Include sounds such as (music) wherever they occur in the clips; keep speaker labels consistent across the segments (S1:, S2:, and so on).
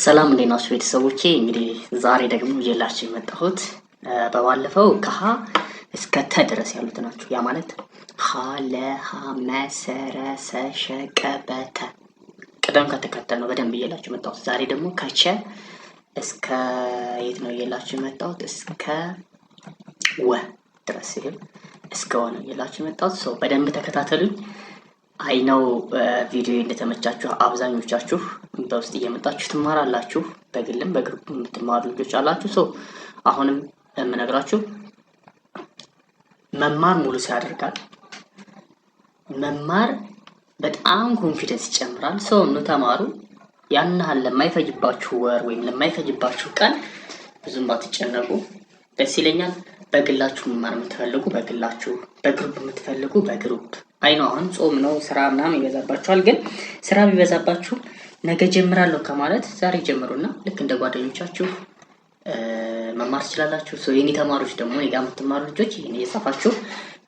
S1: ሰላም እንዴት ናችሁ ቤተሰቦቼ? እንግዲህ ዛሬ ደግሞ እየላችሁ የመጣሁት በባለፈው ከሀ እስከ ተ ድረስ ያሉት ናቸው። ያ ማለት ሀ ለ ሐ ቅደም ከተከተል ነው በደንብ እየላችሁ የመጣሁት። ዛሬ ደግሞ ከቸ እስከ የት ነው እየላችሁ የመጣሁት? እስከ ወ ድረስ ይሄም እስከ ወ ነው እየላችሁ የመጣሁት። ሰው በደንብ ተከታተሉኝ። አይ ነው በቪዲዮ እንደተመቻችሁ አብዛኞቻችሁ እንደ ውስጥ እየመጣችሁ ትማራላችሁ። በግልም በግሩፕ የምትማሩ ልጆች አላችሁ። ሰው አሁንም የምነግራችሁ መማር ሙሉ ሰው ያደርጋል። መማር በጣም ኮንፊደንስ ይጨምራል። ሰው ነው ተማሩ። ያን ያህል ለማይፈጅባችሁ ወር ወይም ለማይፈጅባችሁ ቀን ብዙም ባትጨነቁ ደስ ይለኛል። በግላችሁ መማር የምትፈልጉ በግላችሁ፣ በግሩፕ የምትፈልጉ በግሩፕ። አይ ነው አሁን ጾም ነው ስራ ምናምን ይበዛባችኋል። ግን ስራ ቢበዛባችሁ ነገ ጀምራለሁ ከማለት ዛሬ ጀምሩና ልክ እንደ ጓደኞቻችሁ መማር ትችላላችሁ። የኔ ተማሪዎች ደግሞ እኔ ጋር የምትማሩ ልጆች ይህን እየጻፋችሁ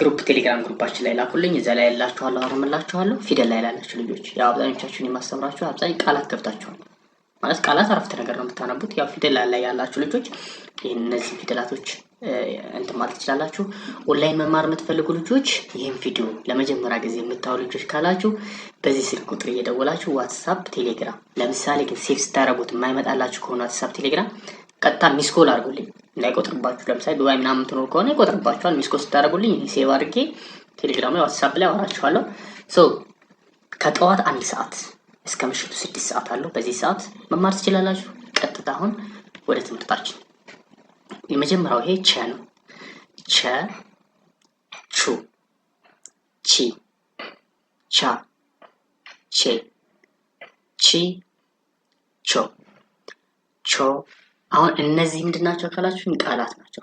S1: ግሩፕ ቴሌግራም ግሩፓችን ላይ ላኩልኝ። እዛ ላይ ያላችኋለሁ አርምላችኋለሁ። ፊደል ላይ ላላችሁ ልጆች ያው አብዛኞቻችሁን የማስተምራችሁ አብዛኝ ቃላት ገብታችኋል ማለት ቃላት አረፍተ ነገር ነው የምታነቡት። ያው ፊደል ላይ ያላችሁ ልጆች ይህ እነዚህ ፊደላቶች እንትን ማለት ትችላላችሁ። ኦንላይን መማር የምትፈልጉ ልጆች ይህም ቪዲዮ ለመጀመሪያ ጊዜ የምታዩ ልጆች ካላችሁ በዚህ ስልክ ቁጥር እየደወላችሁ ዋትሳፕ፣ ቴሌግራም ለምሳሌ ግን ሴፍ ስታደረጉት የማይመጣላችሁ ከሆነ ዋትሳፕ፣ ቴሌግራም ቀጥታ ሚስኮል አድርጉልኝ እንዳይቆጥርባችሁ። ለምሳሌ ዱባይ ምናምን የምትኖር ከሆነ ይቆጥርባችኋል። ሚስኮል ስታደረጉልኝ ሴቭ አድርጌ ቴሌግራም ላይ ዋትሳፕ ላይ አወራችኋለሁ። ሶ ከጠዋት አንድ ሰዓት እስከ ምሽቱ ስድስት ሰዓት አለው። በዚህ ሰዓት መማር ትችላላችሁ። ቀጥታ አሁን ወደ ትምህርታችን የመጀመሪያው ይሄ ቸ ነው። ቸ ቹ ቺ ቻ ቼ ቺ ቾ ቾ አሁን እነዚህ ምንድን ናቸው ካላችሁኝ ቃላት ናቸው።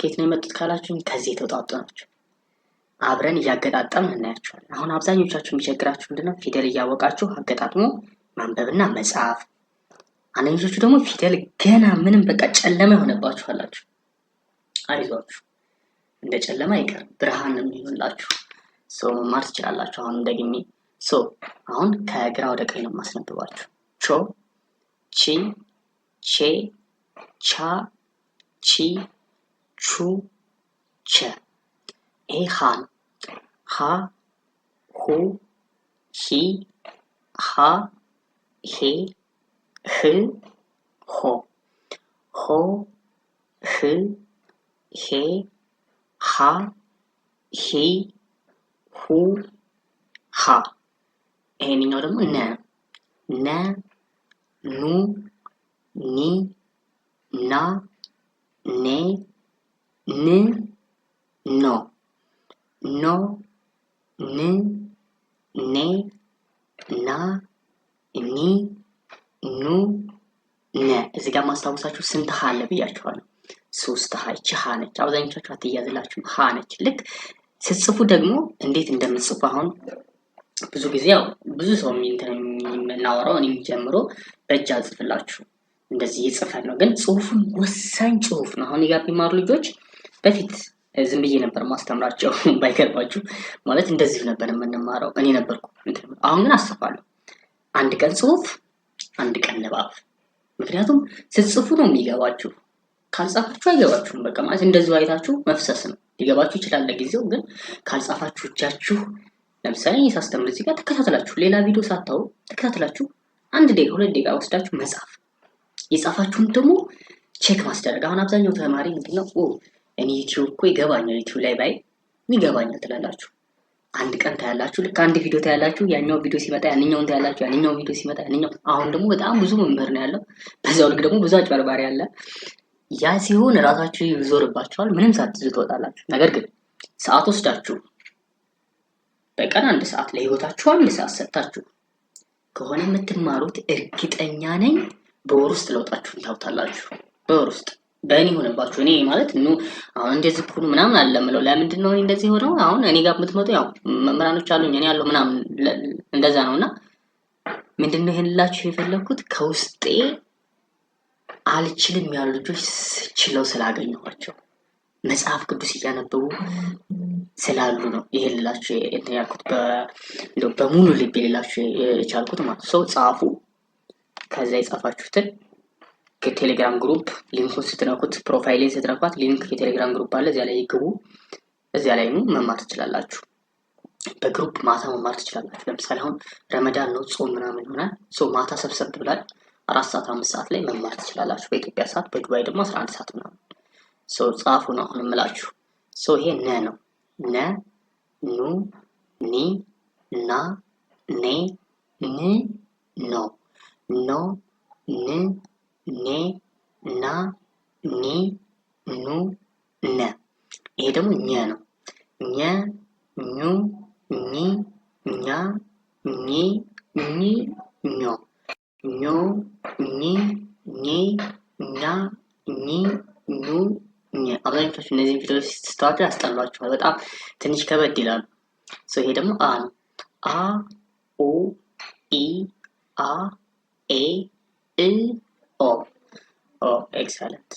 S1: ከየት ነው የመጡት ካላችሁኝ ከዚህ የተውጣጡ ናቸው። አብረን እያገጣጠም እናያቸዋለን። አሁን አብዛኞቻችሁ የሚቸግራችሁ ምንድነው ፊደል እያወቃችሁ አገጣጥሞ ማንበብና መጽሐፍ አንዳንዶቹ ደግሞ ፊደል ገና ምንም በቃ ጨለማ የሆነባችሁ አላችሁ። አይዟችሁ እንደ ጨለማ አይቀርም ብርሃን ነው የሚሆንላችሁ። ሰው መማር ትችላላችሁ። አሁን ደግሜ ሶ አሁን ከግራ ወደ ቀኝ ነው የማስነብባችሁ። ቾ ቺ ቼ ቻ ቺ ቹ ቸ። ይሄ ሃ ነው። ሃ ሁ ሂ ሃ ሄ ህ ሆ ሆ ህ ሄ ሃ ሂ ሁ ሃ ይሄንኛው ደግሞ ነ ነ ኑ ኒ ና ኔ ን ኖ ኖ ን ኔ ና ኒ ኑ ነ እዚህ ጋር ማስታወሳችሁ ስንት ሀ አለ ብያችኋለሁ። ሶስት ሀ ይቺ ሀ ነች። አብዛኞቻችሁ አትያዝላችሁም ሀ ነች። ልክ ስትጽፉ ደግሞ እንዴት እንደምትጽፉ አሁን ብዙ ጊዜ ያው ብዙ ሰው የምናወራው እኔም ጀምሮ በእጅ አጽፍላችሁ እንደዚህ እየጽፈን ነው። ግን ጽሁፉን ወሳኝ ጽሁፍ ነው። አሁን ጋር የሚማሩ ልጆች በፊት ዝም ብዬ ነበር ማስተምራቸው (laughs) ባይገባችሁ፣ ማለት እንደዚህ ነበር የምንማረው እኔ ነበርኩ። አሁን ግን አስፋለሁ አንድ ቀን ጽሁፍ አንድ ቀን ንባብ ምክንያቱም ስትጽፉ ነው የሚገባችሁ። ካልጻፋችሁ አይገባችሁም። በቃ ማለት እንደዚሁ አይታችሁ መፍሰስ ነው። ሊገባችሁ ይችላል ለጊዜው፣ ግን ካልጻፋችሁ እጃችሁ ለምሳሌ ሳስተምር እዚህ ጋር ተከታተላችሁ ሌላ ቪዲዮ ሳታው ተከታተላችሁ አንድ ደቂቃ ሁለት ደቂቃ ወስዳችሁ መጻፍ የጻፋችሁን ደግሞ ቼክ ማስደረግ። አሁን አብዛኛው ተማሪ ምንድነው እኔ ዩቲዩብ እኮ ይገባኛል ዩቲዩብ ላይ ባይ ይገባኛል ትላላችሁ አንድ ቀን ታያላችሁ። ልክ አንድ ቪዲዮ ታያላችሁ። ያኛው ቪዲዮ ሲመጣ ያንኛውን ታያላችሁ። ያንኛው ቪዲዮ ሲመጣ ያንኛው። አሁን ደግሞ በጣም ብዙ መምህር ነው ያለው። በዛው ልክ ደግሞ ብዙ አጭበርባሪ አለ። ያ ሲሆን ራሳችሁ ይዞርባችኋል። ምንም ሳትዙ ትወጣላችሁ። ነገር ግን ሰዓት ወስዳችሁ በቀን አንድ ሰዓት ለህይወታችሁ አንድ ሰዓት ሰጥታችሁ ከሆነ የምትማሩት እርግጠኛ ነኝ በወር ውስጥ ለውጣችሁን ታውታላችሁ። በወር ውስጥ በእኔ ሆነባችሁ። እኔ ማለት ኑ አሁን እንደዚህ ሁሉ ምናምን አለ ምለው ለምንድን ነው እንደዚህ ሆነው? አሁን እኔ ጋር የምትመጡ ያው መምህራኖች አሉኝ እኔ ያለው ምናምን እንደዛ ነው። እና ምንድን ነው ይሄን የፈለግኩት ከውስጤ አልችልም ያሉ ልጆች ችለው ስላገኘኋቸው መጽሐፍ ቅዱስ እያነበቡ ስላሉ ነው ይሄ ልላችሁ እንትን ያልኩት በሙሉ ልቤ ልላችሁ የቻልኩት ማለት ሰው ጻፉ ከዛ የጻፋችሁትን ከቴሌግራም ግሩፕ ሊንኩን ስትነኩት ፕሮፋይልን ስትነኳት ሊንክ የቴሌግራም ግሩፕ አለ። እዚያ ላይ ግቡ። እዚያ ላይ መማር ትችላላችሁ። በግሩፕ ማታ መማር ትችላላችሁ። ለምሳሌ አሁን ረመዳን ነው ጾም ምናምን ይሆናል። ሰው ማታ ሰብሰብ ብላል አራት ሰዓት አምስት ሰዓት ላይ መማር ትችላላችሁ። በኢትዮጵያ ሰዓት፣ በዱባይ ደግሞ አስራ አንድ ሰዓት ምናምን። ሰው ጻፉ ነው አሁን የምላችሁ። ሰው ይሄ ነ ነው ነ ኑ ኒ ና ኔ ን ነው ኖ ን ኔ ና ኒ ኑ ነ። ይሄ ደግሞ ኘ ነው። ኘ ኙ ኚ ኛ ኚ ኚ ኞ ኞ ኚ ኚ ኛ ኚ ኙ ኘ። አብዛኞቻቹ እነዚህን ፊደሎች ስትስተዋቸው ያስጠሏቸዋል። በጣም ትንሽ ከበድ ይላሉ። ሰው ይሄ ደግሞ አ ነው። አ ኡ ኢ አ ኤ እ ኦ ኦ ኤክሰለንት።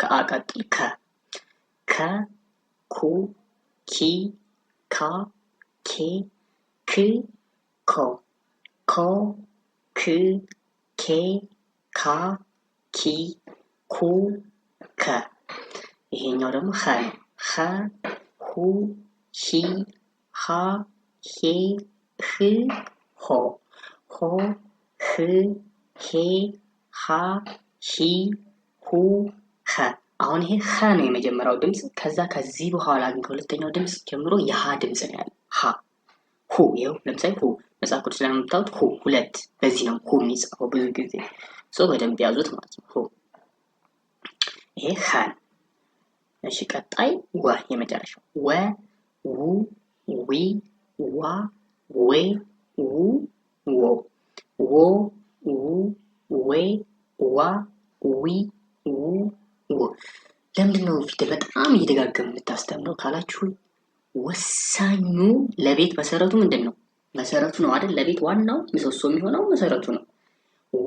S1: ከአ ቀጥል ከ ከ ኩ ኪ ካ ኬ ክ ኮ ኮ ክ ኬ ካ ኪ ኩ ከ ይሄኛው ደግሞ ኸ ነው። ኸ ሁ ሂ ሃ ሄ ህ ሆ ሆ ህ ሄ ሀ ሂ ሁ ኸ አሁን ይሄ ኸ ነው የመጀመሪያው ድምፅ። ከዛ ከዚህ በኋላ ግን ከሁለተኛው ድምፅ ጀምሮ የሀ ድምፅ ነው ያለ ሀ ሁ። ይኸው ለምሳሌ ሁ መጽሐፍ ቅዱስ ላይ የምታዩት ሁ ሁለት በዚህ ነው ሁ የሚጽፈው ብዙ ጊዜ ሶ በደንብ ያዙት ማለት ነው። ሁ ይሄ ኸን። እሺ ቀጣይ ወ የመጨረሻው ወ ው ዊ ዋ ዌ ው ዎ ዎ ው ወይ ዋ ዊ ው ዎ ለምንድን ነው ፊደል በጣም እየደጋገም የምታስተምረው ካላችሁ ወሳኙ ለቤት መሰረቱ ምንድን ነው? መሰረቱ ነው አይደል? ለቤት ዋናው ምሰሶ የሚሆነው መሰረቱ ነው።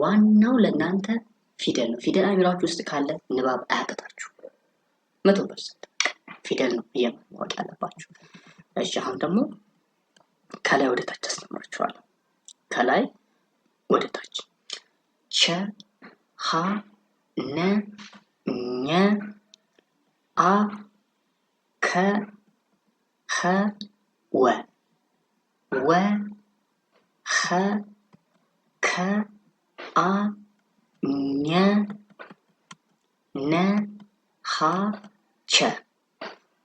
S1: ዋናው ለእናንተ ፊደል ነው። ፊደል አእምሯችሁ ውስጥ ካለ ንባብ አያቅታችሁ። መቶ ፐርሰንት ፊደል ነው እየማወቅ ያለባችሁ። እሺ አሁን ደግሞ ከላይ ወደ ታች አስተምራችኋለሁ። ከላይ ወደ ታች ቸ ሀ ነ ኘ አ ከ ኸ ወ ወ ኸ ከ አ ኘ ነ ሀ ቸ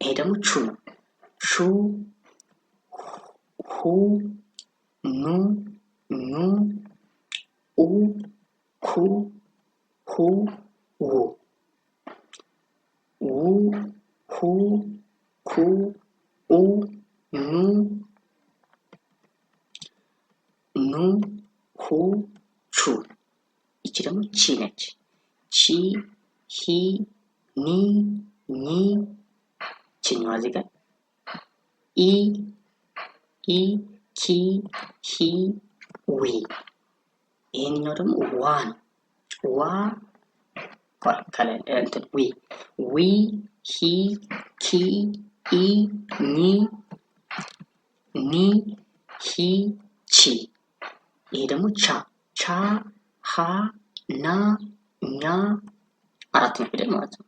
S1: ይሄ ደግሞ ቹ ነው። ቹ ሁ ኑ ኙ ኡ こう、ほう、お。お、ほう、こう、お、ぬ。ぬ、ほう、ちゅ。一度もちなち。ち、ひ、に、に。ちの味が。い、い、き、ひ、うい。ይሄኛው ደግሞ ዋ ነው። ዋ ዊ ዊ ሂ ኪ ኢ ኒ ኒ ሂ ቺ ይሄ ደግሞ ቻ ቻ ሀ ና ኛ አራት ነው ፊደል ማለት ነው።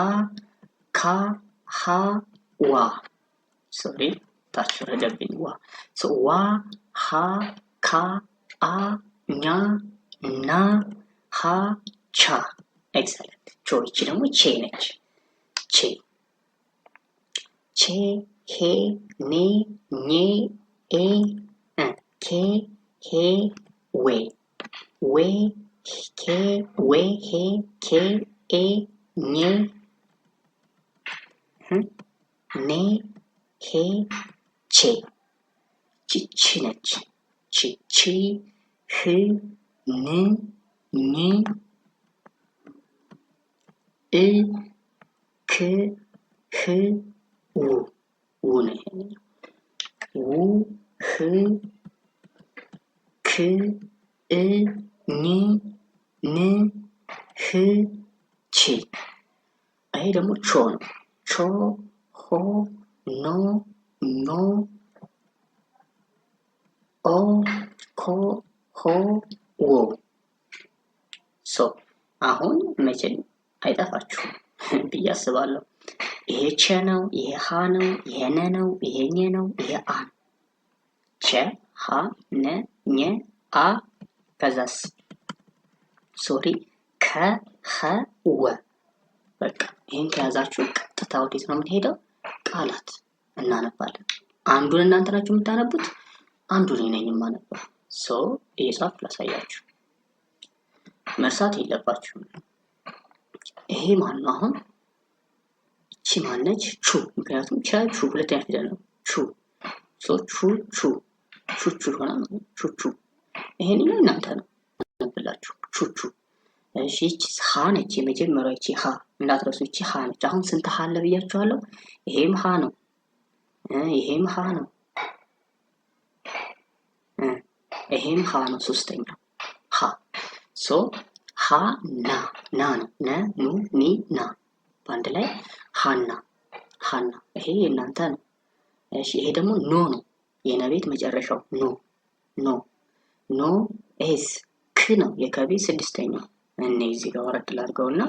S1: አ ካ ሀ ዋ ሶሪ ታች ረጃብኝ ዋ ዋ ሀ ካ አ na, na, ha, cha. Excellent. Çoğu iki mu çeynek. Çey. Çe, he, ne, ne, e, e. Ke, he, we. We, ke, we, he, ke, e, ne. Hı? Ne, he, çe. Çi, çineç. Çi, çi, çi ህ ን ኒ እ ክ ህ ው ው ነው ይሄኛው ው ህ ክ እ ኒ ን ህ ቺ ይሄ ደግሞ ቾ ነው። ቾ ሆ ኖ ኖ ኦ ኮ ሆዎ ሶ አሁን መቼም አይጠፋችሁም (laughs) ብዬ አስባለሁ። ይሄ ቸ ነው፣ ይሄ ሀ ነው፣ ይሄ ነ ነው፣ ይሄ ኘ ነው፣ ይሄ አ ቸ ሀ ነ ኘ አ ከዛስ ሶሪ ከኸ ወ በቃ ይህን ከያዛችሁ ቀጥታ ወዴት ነው የምንሄደው? ቃላት እናነባለን። አንዱን እናንተ ናችሁ የምታነቡት፣ አንዱን ነኝ የማነበው። ሶ እየጻፍ ላሳያችሁ መርሳት የለባችሁ ይሄ ማን ነው? አሁን እቺ ማነች? ቹ። ምክንያቱም ቻ ቹ ሁለተኛ ፊደል ነው። ቹ ሶ ቹ ቹ ቹ ሆና ቹ ቹ። ይሄንኛው እናንተ ነው ብላችሁ ቹ እሺ እቺ ሃ ነች የመጀመሪያው። እቺ ሃ እንዳትረሱ። እቺ ሃ ነች። አሁን ስንት ሃ አለ ብያችኋለሁ። ይሄም ሃ ነው። ይሄም ሃ ነው። ይሄን ሀ ነው። ሶስተኛው ሀ ሶ ሀ ና ና ነው። ነ ኑ ኒ ና በአንድ ላይ ሀና ሀና። ይሄ የእናንተ ነው። እሺ ይሄ ደግሞ ኖ ነው። የነቤት መጨረሻው ኖ ኖ ኖ። ኤስ ክ ነው። የከቤት ስድስተኛው እኔ እዚህ ጋር ወረድ ላድርገው ላድርገውና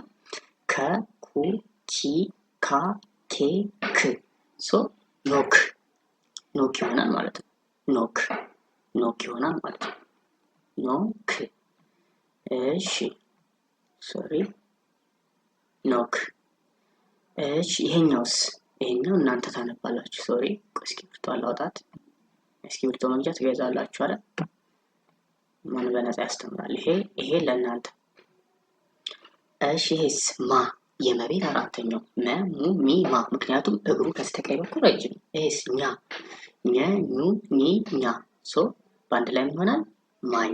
S1: ከ ኩ ቺ ካ ኬ ክ ሶ ኖክ ኖክ ይሆናል ማለት ነው። ኖክ ኖክ ይሆናል ማለት ነው። ኖክ እሺ፣ ሶሪ ኖክ። እሺ፣ ይሄኛውስ ይሄኛው እናንተ ታነባላችሁ። ሶሪ፣ እስክሪብቶ አላውጣት። እስክሪብቶ መግጃ ትገዛላችሁ አለ። ማን በነፃ ያስተምራል። ይሄ ይሄ ለእናንተ እሺ። ይሄስ ማ የመቤት አራተኛው መ ሙ ሚ ማ፣ ምክንያቱም እግሩ ከስተቀኝ በኩል ረጅም። ይሄስ ኛ ኘ ኙ ኒ ኛ ሶ በአንድ ላይ ይሆናል ማኛ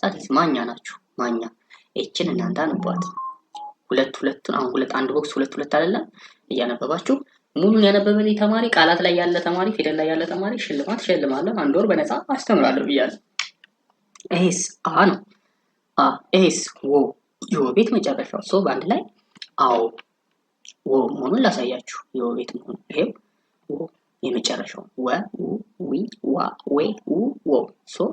S1: ዛት ማኛ ናችሁ ማኛ ኤችን እናንተ አንቧት ሁለት ሁለቱን አሁን ሁለት አንድ ቦክስ ሁለት ሁለት አይደለም እያነበባችሁ ሙሉን ያነበበልኝ ተማሪ ቃላት ላይ ያለ ተማሪ ፊደል ላይ ያለ ተማሪ ሽልማት ሸልማለሁ አንድ ወር በነፃ አስተምራለሁ ብያለሁ። ኤስ አ ነው አ ኤስ ወ ቤት መጨረሻው ሶ በአንድ ላይ አዎ ወ መሆኑን ላሳያችሁ የወቤት መሆኑ ይሄው የመጨረሻው ወ ዊ ዋ ዌ ው ዎ ሶ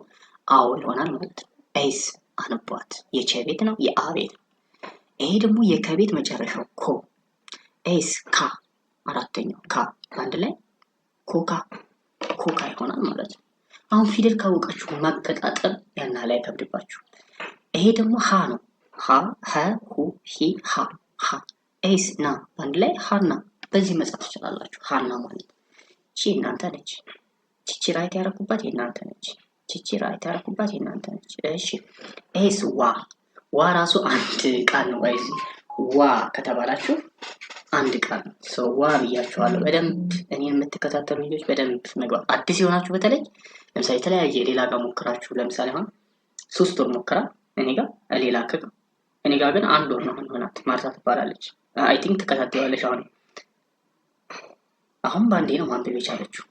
S1: አዎ ይሆናል ማለት ነው። ኤስ አነቧት የቼ ቤት ነው የአ ቤት ነው። ይሄ ደግሞ የከቤት መጨረሻው ኮ ኤስ ካ አራተኛው ካ አንድ ላይ ኮካ ኮካ ይሆናል ማለት ነው። አሁን ፊደል ካወቃችሁ መቀጣጠል ያና ላይ ከብድባችሁ። ይሄ ደግሞ ሀ ነው። ሀ ሀ ሁ ሂ ሀ ሀ ኤስ ና በአንድ ላይ ሀና በዚህ መጻፍ ትችላላችሁ ሀና ማለት ነው። ቺ እናንተ ነች። ቺቺ ራይት ያረኩባት የእናንተ ነች። ቺቺ ራይት ያረኩባት የእናንተ ነች። እሺ ይሄስ ዋ ዋ ራሱ አንድ ቃል ነው። ጋይዝ ዋ ከተባላችሁ አንድ ቃል ነው። ሰው ዋ ብያችኋለሁ። በደንብ እኔ የምትከታተሉ ልጆች በደንብ መግባት አዲስ የሆናችሁ በተለይ ለምሳሌ የተለያየ ሌላ ጋር ሞክራችሁ ለምሳሌ አሁን ሶስት ወር ሞክራ እኔ ጋር ሌላ ክግ እኔ ጋር ግን አንድ ወር ነው ሆናት ማርታ ትባላለች። አይ ቲንክ ትከታተላለች አሁን አሁን በአንዴ ነው ማንበብ የቻለችው።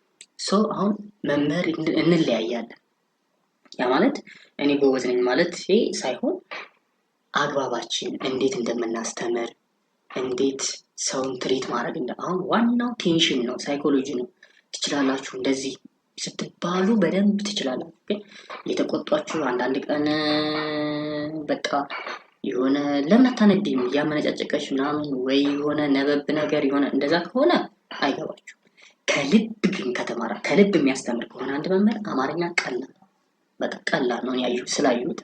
S1: ሰው አሁን መምህር እንለያያለን። ያ ማለት እኔ ጎበዝ ነኝ ማለት ሳይሆን አግባባችን እንዴት እንደምናስተምር እንዴት ሰውን ትሪት ማድረግ እንደ አሁን ዋናው ቴንሽን ነው፣ ሳይኮሎጂ ነው። ትችላላችሁ እንደዚህ ስትባሉ በደንብ ትችላላችሁ። ግን እየተቆጧችሁ አንዳንድ ቀን በቃ የሆነ ለምን አታነቢም እያመነጫጨቀች ምናምን ወይ የሆነ ነበብ ነገር የሆነ እንደዛ ከሆነ አይገባችሁ። ከልብ ግን ከተማራ ከልብ የሚያስተምር ከሆነ አንድ መምህር አማርኛ ቀላል በቃ ቀላል ነው ያዩ ስላዩት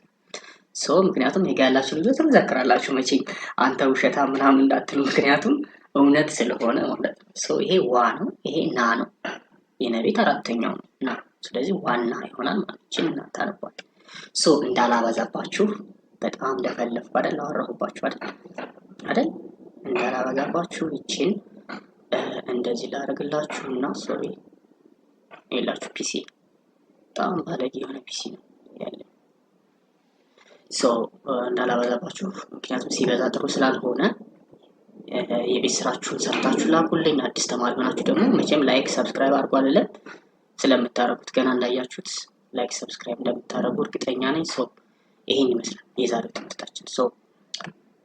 S1: ሰው ምክንያቱም ሄጋ ያላችሁ ልጆች ትመዘክራላችሁ መቼ አንተ ውሸታ ምናምን እንዳትሉ፣ ምክንያቱም እውነት ስለሆነ ማለት ነው። ይሄ ዋ ነው፣ ይሄ ና ነው። የነቤት አራተኛው ነው ና። ስለዚህ ዋና ይሆናል ማለት ችን እናታነባል። ሶ እንዳላበዛባችሁ በጣም እንደፈለፍኩ አደል፣ አወራሁባችሁ አደል አደል፣ እንዳላበዛባችሁ ይችን እንደዚህ እና ሶሪ ይላችሁ ፒሲ በጣም ባለጌ የሆነ ፒሲ ነው ያለ ሰው እንዳላበዛባችሁ። ምክንያቱም ሲበዛ ጥሩ ስላልሆነ የቤት ስራችሁን ሰርታችሁ ላኩልኝ። አዲስ ተማሪ ሆናችሁ ደግሞ መቼም ላይክ ሰብስክራይብ አድርጎ አለለም ስለምታደርጉት ገና እንዳያችሁት ላይክ ሰብስክራይብ እንደምታደረጉ እርግጠኛ ነኝ። ሰው ይሄን ይመስላል የዛሬው ትምህርታችን። ሰው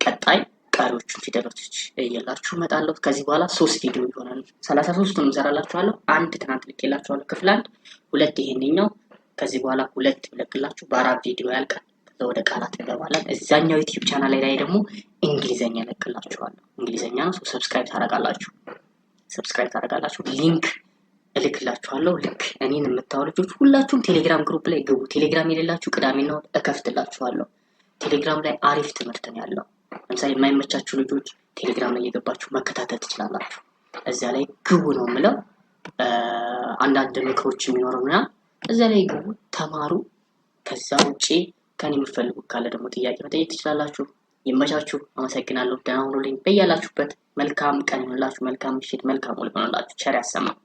S1: ቀጣይ ቀሪዎቹን ፊደሎች እየላችሁ እመጣለሁ። ከዚህ በኋላ ሶስት ቪዲዮ ይሆናል። ሰላሳ ሶስቱን እሰራላችኋለሁ። አንድ ትናንት ልኬላችኋለሁ ክፍል አንድ፣ ሁለት ይሄንኛው። ከዚህ በኋላ ሁለት ብለቅላችሁ በአራት ቪዲዮ ያልቃል። ከዛ ወደ ቃላት እንገባለን። እዛኛው ዩቲዩብ ቻናል ላይ ደግሞ እንግሊዘኛ እለቅላችኋለሁ። እንግሊዘኛ ነው። ሰብስክራይብ ታደርጋላችሁ። ሰብስክራይብ ታደርጋላችሁ። ሊንክ እልክላችኋለሁ። ልክ እኔን የምታው ልጆች ሁላችሁም ቴሌግራም ግሩፕ ላይ ግቡ። ቴሌግራም የሌላችሁ ቅዳሜና እሁድ እከፍትላችኋለሁ። ቴሌግራም ላይ አሪፍ ትምህርት ነው ያለው። ለምሳሌ የማይመቻችሁ ልጆች ቴሌግራም ላይ እየገባችሁ መከታተል ትችላላችሁ። እዚያ ላይ ግቡ ነው የምለው። አንዳንድ ምክሮች የሚኖረው እና እዚያ ላይ ግቡ ተማሩ። ከዛ ውጭ ከኔ የምትፈልጉ ካለ ደግሞ ጥያቄ መጠየቅ ትችላላችሁ። ይመቻችሁ። አመሰግናለሁ። ደህና ሁኑልኝ። በያላችሁበት መልካም ቀን ይሆንላችሁ። መልካም ምሽት፣ መልካም ውል ይሆንላችሁ። ቸር ያሰማል።